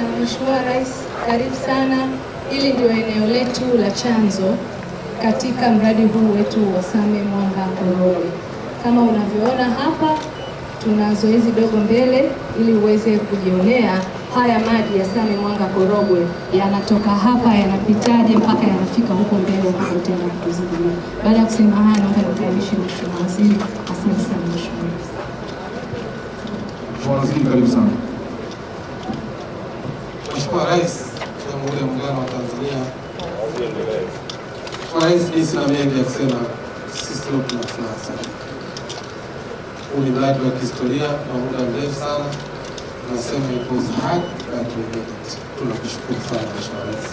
Mheshimiwa Rais, karibu sana. Hili ndio eneo letu la chanzo katika mradi huu wetu wa Same Mwanga Korogwe. Kama unavyoona hapa, tuna zoezi dogo mbele ili uweze kujionea haya maji ya Same Mwanga Korogwe yanatoka hapa yanapitaje mpaka yanafika huko mbele huko tena kuzidi. Baada ya kusema haya, naomba nimkaribishe Mheshimiwa Waziri. Asante sana Mheshimiwa Waziri, karibu sana. Mheshimiwa Rais wa Jamhuri ya Muungano wa Tanzania, Mheshimiwa Rais, mimi sina mengi ya kusema, sisi tunasema huu ni mradi wa kihistoria na muda mrefu sana, tunasema tunakushukuru sana Mheshimiwa Rais,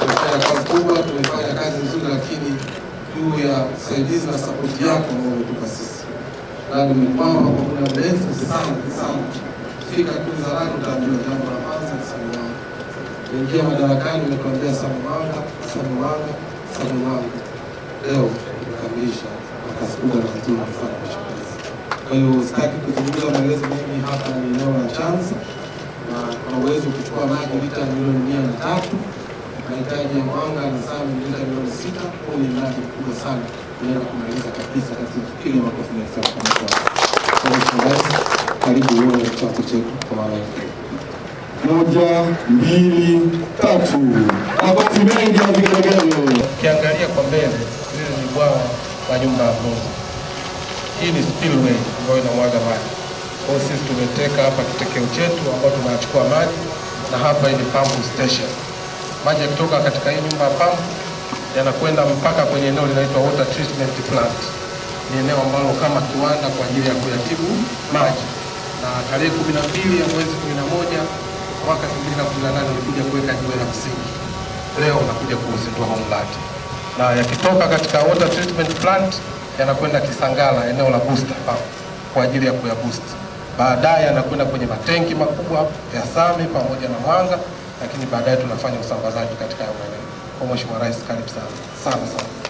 tumefanya kazi kubwa, tumefanya kazi nzuri, lakini juu ya usaidizi na sapoti yako umetupa sisi, na nimepamba kwa muda mrefu sana sana ukifika kuzarani utaambiwa jambo la kwanza sallallahu, kuingia madarakani umetuambia sallallahu sallallahu sallallahu, leo ukamilisha akasukuda na mtume sana mshukuru. Kwa hiyo sitaki kuzungumza maelezo mengi hapa, ni eneo la chanza na kwa uwezo kuchukua maji lita milioni mia na tatu mahitaji ya mwanga na sam lita milioni sita. Huu ni mradi mkubwa sana, unaenda kumaliza kabisa katika kile makofi na chati chetu kwa mara moja, mbili, tatu. Magoti mengi ya vigelegele. Ukiangalia kwa mbele, hili ni bwawa la nyumba ya Mlozi. Hii ni spillway ambayo inamwaga maji. Kwa sisi tumeteka hapa kitekeo chetu ambao tunachukua maji na hapa ni pump station. Maji yakitoka katika hii nyumba ya pump yanakwenda mpaka kwenye eneo linaloitwa water treatment plant. Ni eneo ambalo kama kiwanda kwa ajili ya kuyatibu maji na tarehe 12 ya mwezi 11 mwaka 2018 ulikuja kuweka jiwe la msingi, leo unakuja kuuzindua mradi, na yakitoka katika water treatment plant yanakwenda Kisangala, eneo la booster pump kwa ajili ya kuyaboost. Baadaye yanakwenda kwenye matenki makubwa ya Sami pamoja na Mwanga, lakini baadaye tunafanya usambazaji katika maeneo. Kwa Mheshimiwa Rais, karibu sana sana sana.